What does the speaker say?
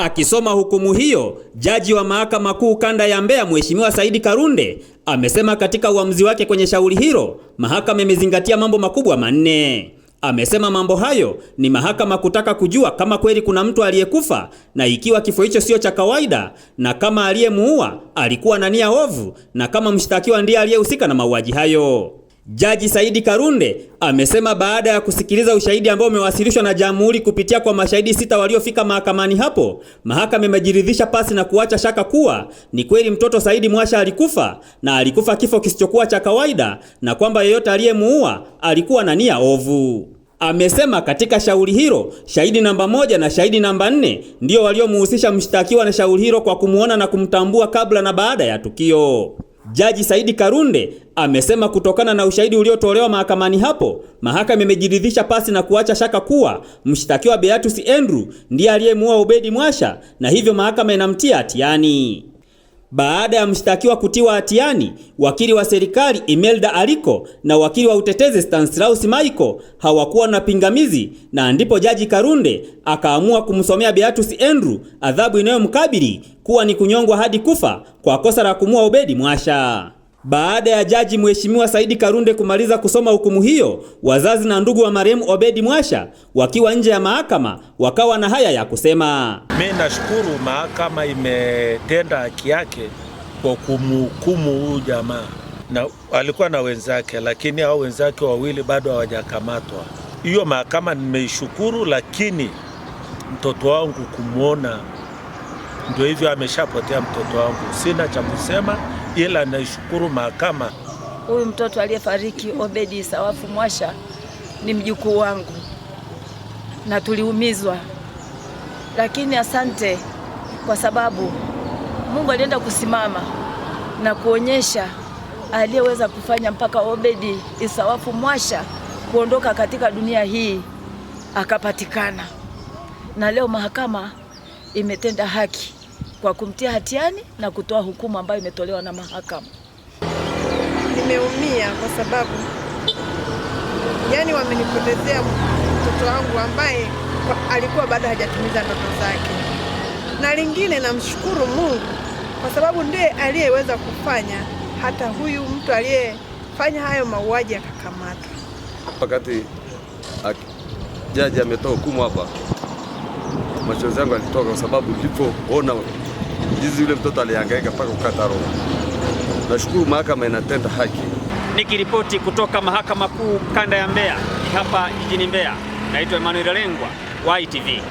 Akisoma hukumu hiyo, jaji wa mahakama kuu kanda ya Mbeya Mheshimiwa Saidi Karunde amesema katika uamuzi wake kwenye shauri hilo, mahakama imezingatia mambo makubwa manne. Amesema mambo hayo ni mahakama kutaka kujua kama kweli kuna mtu aliyekufa na ikiwa kifo hicho sio cha kawaida, na kama aliyemuua alikuwa na nia ovu, na kama mshtakiwa ndiye aliyehusika na mauaji hayo. Jaji Saidi Karunde amesema baada ya kusikiliza ushahidi ambao umewasilishwa na Jamhuri kupitia kwa mashahidi sita waliofika mahakamani hapo, mahakama imejiridhisha pasi na kuacha shaka kuwa ni kweli mtoto Saidi Mwasha alikufa na alikufa kifo kisichokuwa cha kawaida na kwamba yeyote aliyemuua alikuwa na nia ovu. Amesema katika shauri hilo shahidi namba moja na shahidi namba nne ndio waliomhusisha mshtakiwa na shauri hilo kwa kumuona na kumtambua kabla na baada ya tukio. Jaji Saidi Karunde amesema kutokana na ushahidi uliotolewa mahakamani hapo, mahakama imejiridhisha pasi na kuacha shaka kuwa mshtakiwa Beatus Andrew ndiye aliyemuua Obedi Mwasha na hivyo mahakama inamtia hatiani. Baada ya mshtakiwa kutiwa hatiani, wakili wa serikali Imelda Aliko na wakili wa utetezi Stanislaus Michael hawakuwa na pingamizi, na ndipo Jaji Karunde akaamua kumsomea Beatus Andrew adhabu inayomkabili kuwa ni kunyongwa hadi kufa kwa kosa la kumua Obedi Mwasha. Baada ya jaji Mheshimiwa Saidi Karunde kumaliza kusoma hukumu hiyo, wazazi na ndugu wa marehemu Obedi Mwasha wakiwa nje ya mahakama wakawa na haya ya kusema. Mimi nashukuru mahakama imetenda haki yake kwa kumhukumu huyu jamaa, na alikuwa na wenzake, lakini hao wenzake wawili bado hawajakamatwa. Hiyo mahakama nimeishukuru, lakini mtoto wangu kumwona ndio hivyo, ameshapotea mtoto wangu. Sina cha kusema, ila naishukuru mahakama. Huyu mtoto aliyefariki Obedi Sawafu Mwasha ni mjukuu wangu na tuliumizwa, lakini asante kwa sababu Mungu alienda kusimama na kuonyesha aliyeweza kufanya mpaka Obedi Isawafu Mwasha kuondoka katika dunia hii akapatikana, na leo mahakama imetenda haki kwa kumtia hatiani na kutoa hukumu ambayo imetolewa na mahakama. Nimeumia kwa sababu yani wamenipotezea mtoto wangu ambaye alikuwa bado hajatimiza ndoto zake, na lingine namshukuru Mungu kwa sababu ndiye aliyeweza kufanya hata huyu mtu aliyefanya hayo mauaji akakamatwa. Wakati jaji ametoa hukumu hapa, machozi yangu alitoka kwa sababu nilipoona Jizi yule mtoto alihangaika mpaka kukata roho. Nashukuru mahakama inatenda haki. Nikiripoti kutoka mahakama kuu kanda ya Mbeya, hapa jijini Mbeya, naitwa Emmanuel Lengwa wa ITV.